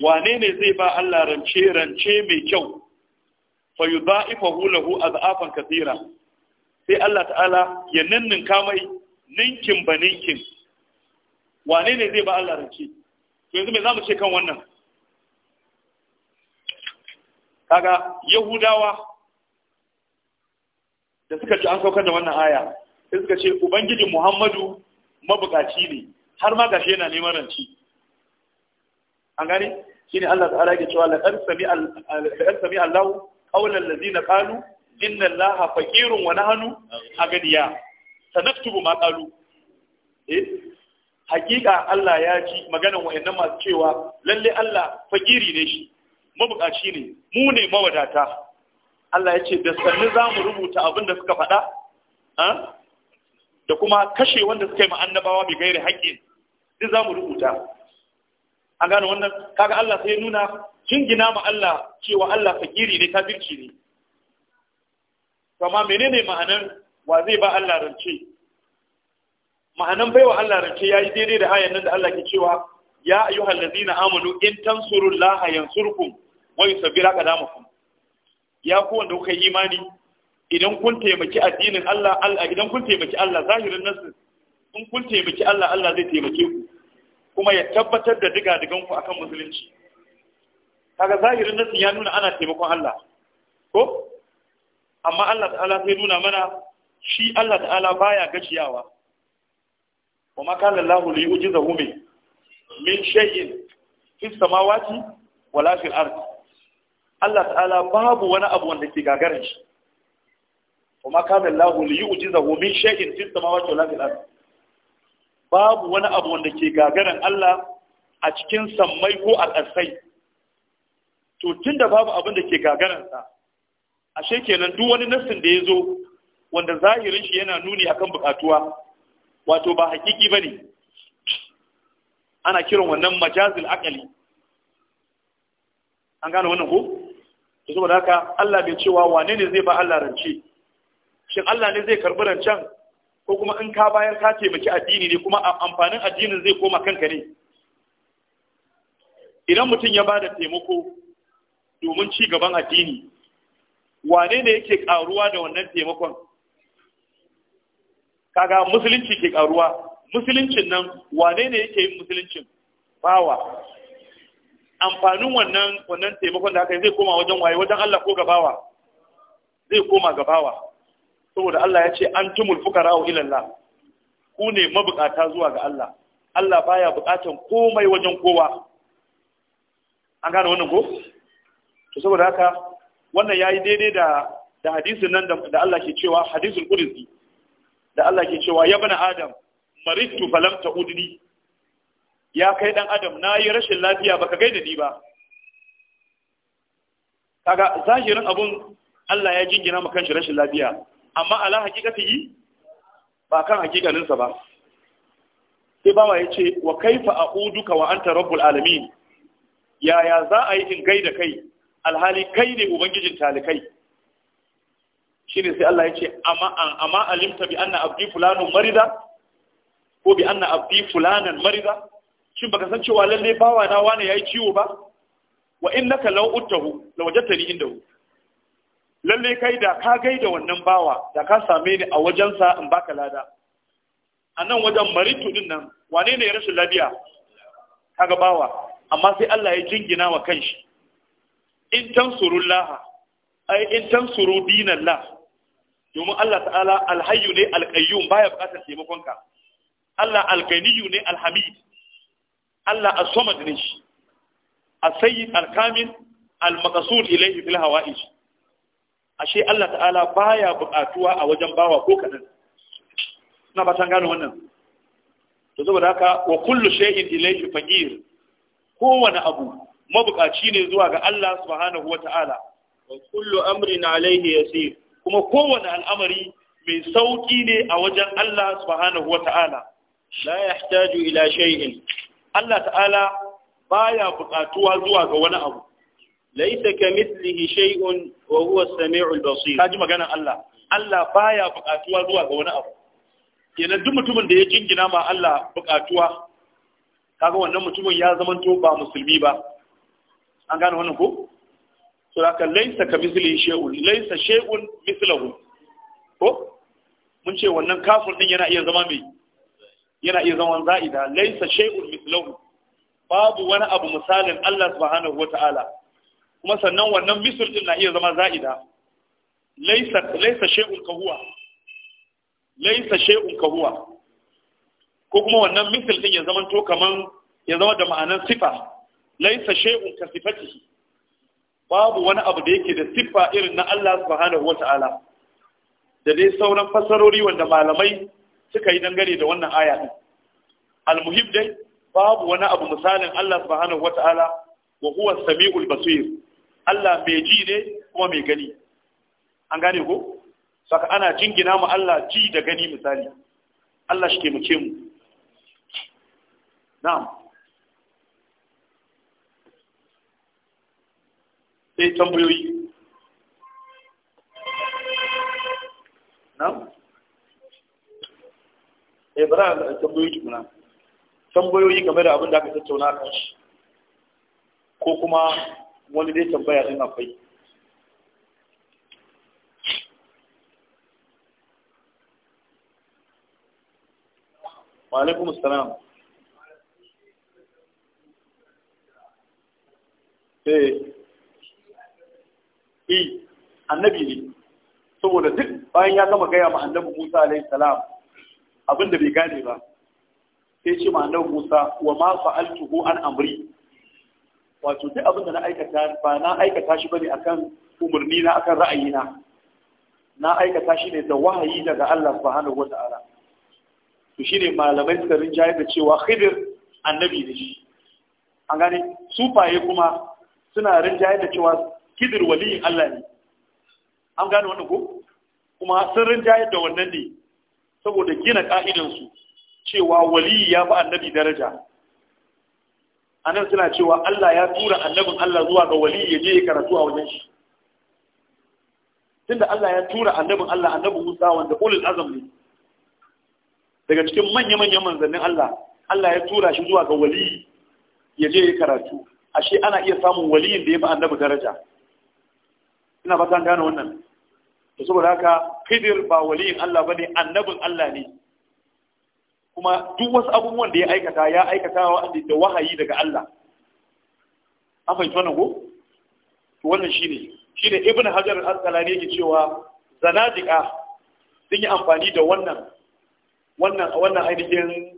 wane ne zai ba Allah rance rance mai kyau fa yudha'ifahu lahu adhafan kathira sai Allah ta'ala ya nannin kamai ninkin ba ninkin wane ne zai ba Allah rance to yanzu me zamu ce kan wannan kaga yahudawa da suka ci an saukar da wannan aya sai suka ce Ubangiji muhammadu mabukaci ne har ma gashi yana neman ranci an gane shine Allah ta'ala yake cewa laqad sami Allah qawlan ladina qalu inna Allah faqirun wa nahnu aghniya sanaktubu ma qalu eh hakika Allah ya ji maganar wayannan masu cewa lalle Allah fakiri ne shi mabukaci ne mu ne mawadata Allah ya ce da sannu za mu rubuta abin da suka faɗa da kuma kashe wanda suka yi ma'annabawa mai gairi haƙƙin duk za mu rubuta an gano wannan kaga Allah sai nuna jingina ma Allah cewa Allah fakiri ne kafirci ne kama menene ma'anar wa zai ba Allah rance bai baiwa Allah rance yayi daidai da ayan nan da Allah ke cewa ya ayyuhal ladina amanu in tansurullaha yansurkum ka yusabbir aqdamakum ya ku wanda kuka yi imani idan kun taimaki addinin Allah Allah idan kun taimaki Allah zahirin nasu in kun taimaki Allah Allah zai taimake ku kuma ya tabbatar da diga digan ku akan musulunci kaga zahirin nasu ya nuna ana taimakon Allah ko amma Allah ta'ala sai nuna mana shi Allah ta'ala baya gaciyawa wa ma kana Allah li yujizahu min min shay'in fi samawati wala fil ardi Allah ta'ala babu wani abu wanda ke gagarin shi kuma kana lahu li yu'jizahu min shay'in fi samawati wal ardi babu wani abu wanda ke gagarin Allah a cikin sammai ko a ƙasai to tunda babu abin da ke gagarin sa ashe kenan duk wani nassin da ya zo wanda zahirin shi yana nuni akan bukatuwa wato ba hakiki bane ana kiran wannan majazil akali an gane wannan ko to saboda haka Allah bai cewa wane ne zai ba Allah rance shin Allah ne zai karbi rancen ko kuma in ka bayar ka taimaki addini ne kuma amfanin addinin zai koma kanka ne idan mutum ya bada da taimako domin ci gaban addini wane ne yake karuwa da wannan taimakon kaga musulunci ke karuwa musuluncin nan wane ne yake yin musuluncin bawa amfanin wannan wannan taimakon da aka yi zai koma wajen waye wajen Allah ko gabawa zai koma gabawa saboda Allah ya ce an tumul fukara wa ilalla. ku ne mabukata zuwa ga Allah Allah baya bukatan komai wajen kowa an gane wannan ko to saboda haka wannan yayi daidai da da hadisin nan da Allah ke cewa hadisul qudsi da Allah ke cewa ya bani adam maritu falam ta'udni ya kai dan adam na yi rashin lafiya baka da ni ba kaga zahirin abun Allah ya jingina ma kanshi rashin lafiya amma ala hakikati yi ba kan hakikaninsa ba sai bawa ya ce wa kaifa a'uduka wa anta rabbul alamin yaya za a yi in gaida kai alhali kai ne ubangijin talikai shine sai Allah ya ce amma amma alimta bi anna abdi fulanun marida ko bi anna abdi fulanan marida shin baka san cewa lalle bawa na wani yayi ciwo ba wa innaka law uttahu lawajtani indahu lalle kai da ka gaida wannan bawa da ka same ni a wajen sa in baka lada anan wajen maritu din nan wane ne ya rashin lafiya kaga bawa amma sai Allah ya jingina wa kanshi in tansurullah ai in tansuru dinallah domin Allah ta'ala alhayyu ne alqayyum baya bukatar taimakon ka Allah Alkainiyu ne alhamid Allah a samad ne shi as-sayyid al-kamil al fil hawa'ij ashe Allah ta'ala baya buƙatuwa a wajen bawa ko kadan na ba san gano wannan to saboda haka wa kullu shay'in ilayhi faqir kowane abu mabukaci ne zuwa ga Allah subhanahu wata'ala wa kullu amrin alayhi yasir kuma kowane al'amari mai sauki ne a wajen Allah subhanahu wata'ala la yahtaju ila shay'in Allah ta'ala baya buƙatuwa zuwa ga wani abu laisa ka mislihi shay'un wa huwa as-sami'ul basir kaji magana Allah Allah baya buƙatuwa zuwa ga wani abu kenan duk mutumin da ya jingina ma Allah buƙatuwa kaga wannan mutumin ya zama to ba musulmi ba an gane wannan ko to haka laisa ka mislihi shay'un laisa shay'un mislahu ko mun ce wannan kafir din yana iya zama mai yana iya zaman za'ida laisa shay'un mithluhu babu wani abu misalin Allah subhanahu wata'ala kuma sannan wannan misal din na iya zama za'ida laisa laisa shay'un kahuwa laisa shay'un kahuwa ko kuma wannan misal din ya zama to kaman ya zama da ma'anar sifa laisa shay'un ka sifatihi babu wani abu da yake da sifa irin na Allah subhanahu wata'ala da dai sauran fasarori wanda malamai suka yi dangane da wannan aya din almuhim dai babu wani abu misalin Allah subhanahu wataala wa huwa samiul basir Allah mai ji ne kuma mai gani an gane ko saka ana jingina mu Allah ji da gani misali Allah shi ke mu ce mu na'am sai tambayoyi na'am eh ba a ga tambayoyi tukuna tambayoyi game da abin da aka tattauna kan shi ko kuma wani dai tambaya din akwai wa alaikum assalam eh. eh annabi ne saboda duk bayan ya gama gaya ma annabi Musa alaihi salam abin da bai gane ba sai ce ma nan musa wa ma fa'altuhu an amri wato duk abin da na aikata ba na aikata shi bane akan umurni na akan ra'ayina na aikata shi ne da wahayi daga Allah subhanahu wata'ala to shine malamai suka rinjaye da cewa khidir annabi ne shi an gane sufaye kuma suna rinjaye da cewa khidir waliyin Allah ne an gane wannan ko kuma sun rinjaye da wannan ne saboda gina ka'idansu cewa wali ya fi annabi daraja A nan suna cewa Allah ya tura annabin Allah zuwa ga wali ya je ya karatu a wajen shi tunda Allah ya tura annabin Allah annabin Musa wanda ulul azam ne daga cikin manya-manyan manzannin Allah Allah ya tura shi zuwa ga wali ya je ya karatu ashe ana iya samun waliyin da ya fi annabi daraja ina fatan gane wannan to saboda haka khidir ba waliyin Allah bane annabin Allah ne kuma duk wasu abubuwan da ya aikata ya aikata wa da wahayi daga Allah an fahimci wannan ko to wannan shine shine ibn hajar al-asqalani yake cewa zanadiqa sun yi amfani da wannan wannan wannan ainihin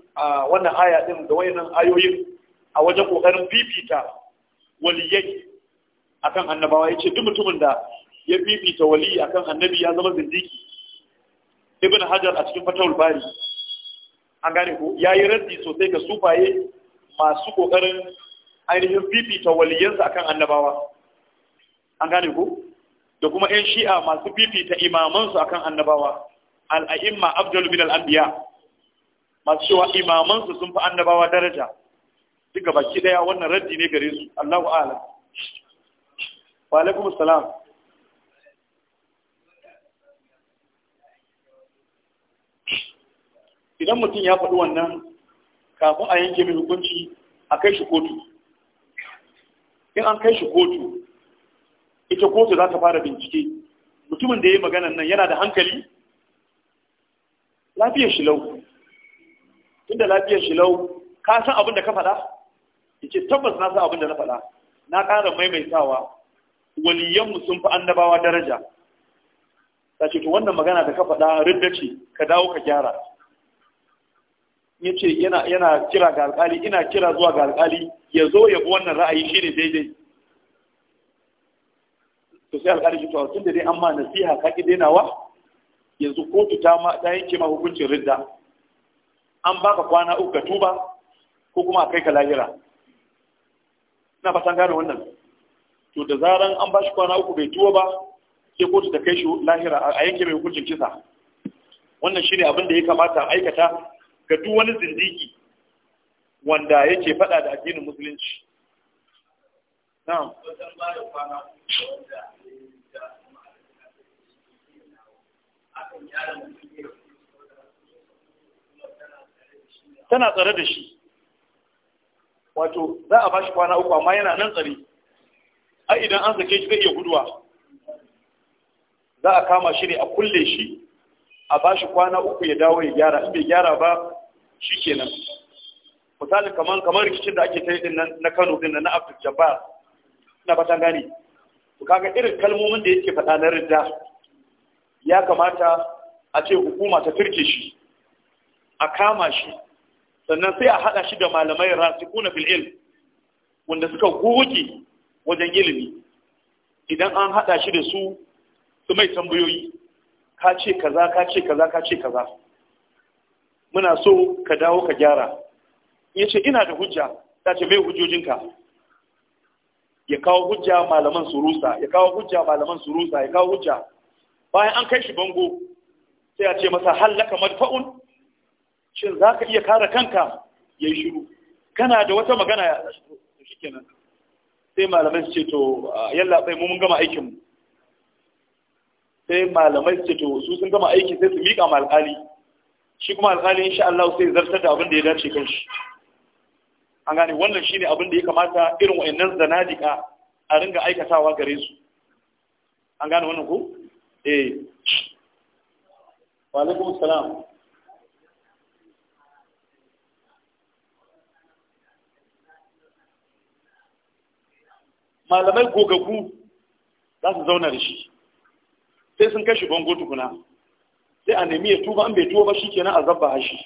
wannan aya din da wayannan ayoyin a wajen kokarin bibita waliyai akan annabawa yace duk mutumin da ya ta wali akan annabi ya zama zindiki ibn hajar a cikin fatawul bari an gane ko ya yi raddi sosai ga sufaye masu kokarin ainihin ta waliyansa akan annabawa an gane ko da kuma yan shi'a masu fifita imamansu akan annabawa al'a'imma abdul min al'anbiya masu cewa imamansu sun fi annabawa daraja duka baki daya wannan raddi ne gare su Allahu a'lam wa alaikum assalam idan mutum ya faɗi wannan kafin a yanke mai hukunci a kai shi kotu in an kai shi kotu ita kotu za ta fara bincike mutumin da ya yi maganan nan yana da hankali lafiyar shilau, tunda lafiyar shilau ka san abin da ka faɗa ce tabbas na san abin da na faɗa na ƙara maimaitawa waliyanmu sun fi annabawa daraja ta ce to wannan magana da ka faɗa ridda ce ka dawo ka gyara ya ce yana kira ga alƙali. ina kira zuwa ga alƙali. ya zo ya bi wannan ra'ayi shi ne daidai to sai alƙali shi to tun da dai an ma nasiha ka ki dainawa yanzu kotu ta ma yanke ma hukuncin ridda an baka kwana uku ka tuba ko kuma a kai ka lahira ina san gane wannan to da zaran an ba shi kwana uku bai tuba ba sai kotu ta kai shi lahira a yanke mai hukuncin kisa wannan shine abin da ya kamata aikata ga duk wani zindiki wanda yake faɗa da addinin musulunci tana tsare da shi wato za a bashi kwana uku amma yana nan tsare ai idan an sake shi zai iya guduwa za a kama shi ne a kulle shi a ba shi kwana uku ya dawo ya gyara in bai gyara ba shi kenan. misali kamar rikicin da ake ta din na Kano din na Abdul Jabbar na fatan gani to kaga irin kalmomin da yake faɗa na rida ya kamata a ce hukuma ta turke shi a kama shi sannan sai a haɗa shi da malamai rasikuna fil ilm wanda suka goge wajen ilimi idan an haɗa shi da su su mai tambayoyi ka ce kaza ka ce kaza ka ce kaza muna so ka dawo ka gyara ya ce ina da hujja ta ce mai hujjojinka ya kawo hujja malaman su rusa ya kawo hujja malaman su rusa ya kawo hujja bayan an kai shi bango sai a ce masa hallaka madfa'un shin za ka iya kare kanka ya yi shiru kana da wata magana ya shi kenan sai malamai su ce to yalla bai mu mun gama aikinmu sai malamai su ce to su sun gama aiki sai su miƙa ma alƙali shi kuma alƙali insha Allah sai zartar da abin da ya dace kan shi an gane wannan shine abin da ya kamata irin wayannan zanadika a ringa aikatawa gare su an gane wannan ko eh wa alaikum salam malamai gogaggu za su zauna da shi sai sun kashi bango tukuna sai a nemi ya tuba an bai tuba shi kenan a zabba hashi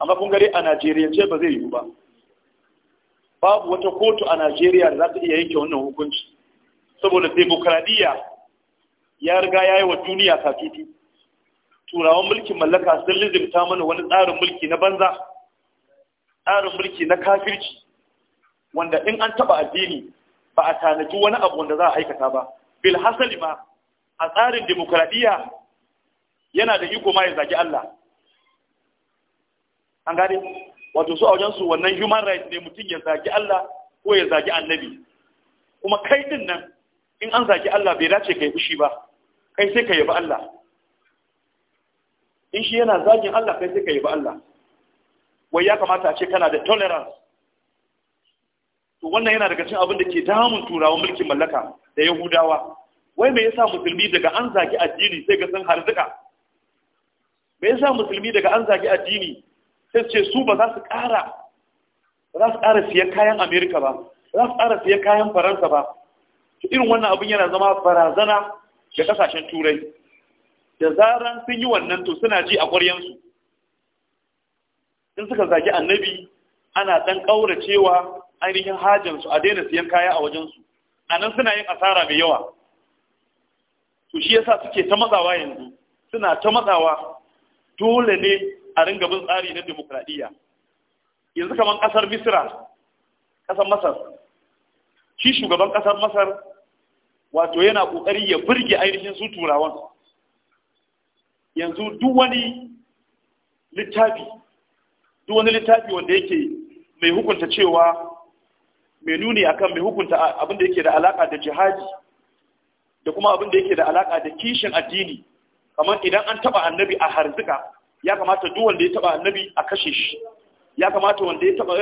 amma kun gare a najeriya ce ba zai yiwu ba babu wata kotu a najeriya da za ta iya yanke wannan hukunci saboda demokradiyya ya riga ya yi wa duniya katutu turawan mulkin mallaka sun lizimta mana wani tsarin mulki na banza tsarin mulki na kafirci wanda in an taba addini ba a tanaji wani abu wanda za a aikata ba bil hasali ma a tsarin demokuraɗiyya yana da iko ma ya zagi Allah an gari, wato su a wajensu wannan human rights ne mutum ya zagi Allah ko ya zagi annabi kuma kai din nan in an zagi Allah bai dace ka yi fushi ba kai sai ka yabi Allah in shi yana zagin Allah kai sai ka yabi Allah wai ya kamata a ce kana da tolerance to wannan yana daga cin abin da ke damun turawa mulkin mallaka da yahudawa wai me yasa musulmi daga an zagi addini sai ga sun harzuka me yasa musulmi daga an zagi addini sai ce su ba za su ƙara ba za su ƙara siyan kayan amerika ba ba za su ƙara siyan kayan faransa ba irin wannan abin yana zama barazana ga ƙasashen turai da zaran sun yi wannan to suna ji a ƙwaryansu in suka zagi annabi ana ɗan ƙauracewa ainihin hajjansu a daina siyan kaya a wajensu a nan suna yin asara mai yawa to shi yasa suke ta matsawa yanzu suna ta matsawa dole ne a ringa bin tsari na demokradiya yanzu kamar kasar misira kasar masar shi shugaban kasar masar wato yana kokari ya burge ainihin su turawan yanzu duk wani littafi duk wani littafi wanda yake mai hukunta cewa mai nuni akan mai hukunta abin da yake da alaka da jihadi da kuma abin da yake da alaka da kishin addini kamar idan an taba annabi a harzuka ya kamata duk wanda ya taba annabi a kashe shi ya kamata wanda ya taba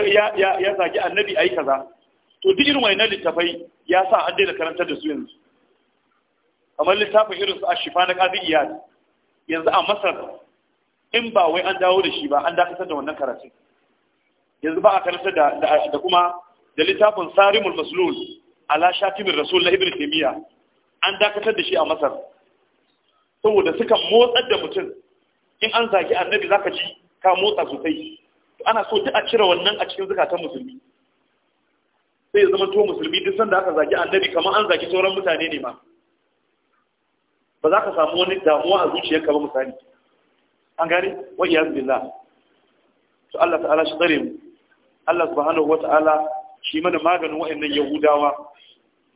ya zagi annabi ayi kaza to duk irin wayannan littafai ya sa an daina karantar da su yanzu kamar littafin irin su ashifa na qadi iyad yanzu a masar in ba wai an dawo da shi ba an dakatar da wannan karatu yanzu ba a karanta da da kuma da littafin sarimul maslul ala shatimin rasul na ibn taymiya an dakatar da shi a masar saboda suka motsar da mutum in an zaki annabi zaka ji ka motsa sosai ana so ta a cire wannan a cikin zukatan musulmi sai ya zama to musulmi duk sanda aka zaki annabi kamar an zaki sauran mutane ne ma ba za ka samu wani damuwa a zuciyarka ba misali an gane wa iyaz billah to Allah ta'ala shi tsare mu Allah subhanahu wata'ala shi mana maganin wa'annan yahudawa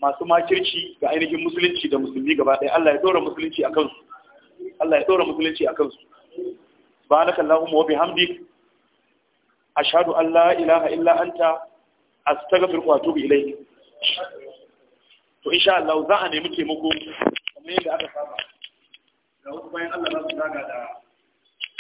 masu makirci ga ainihin musulunci da musulmi gaba ɗaya Allah ya ɗora musulunci a kansu Allah ya ɗora musulunci a kansu subhanaka allahumma wa bihamdik ashhadu an la ilaha illa anta astaghfiruka wa atubu ilayk to insha Allah za a nemi taimako kamar yadda aka saba da wasu bayan Allah za su daga da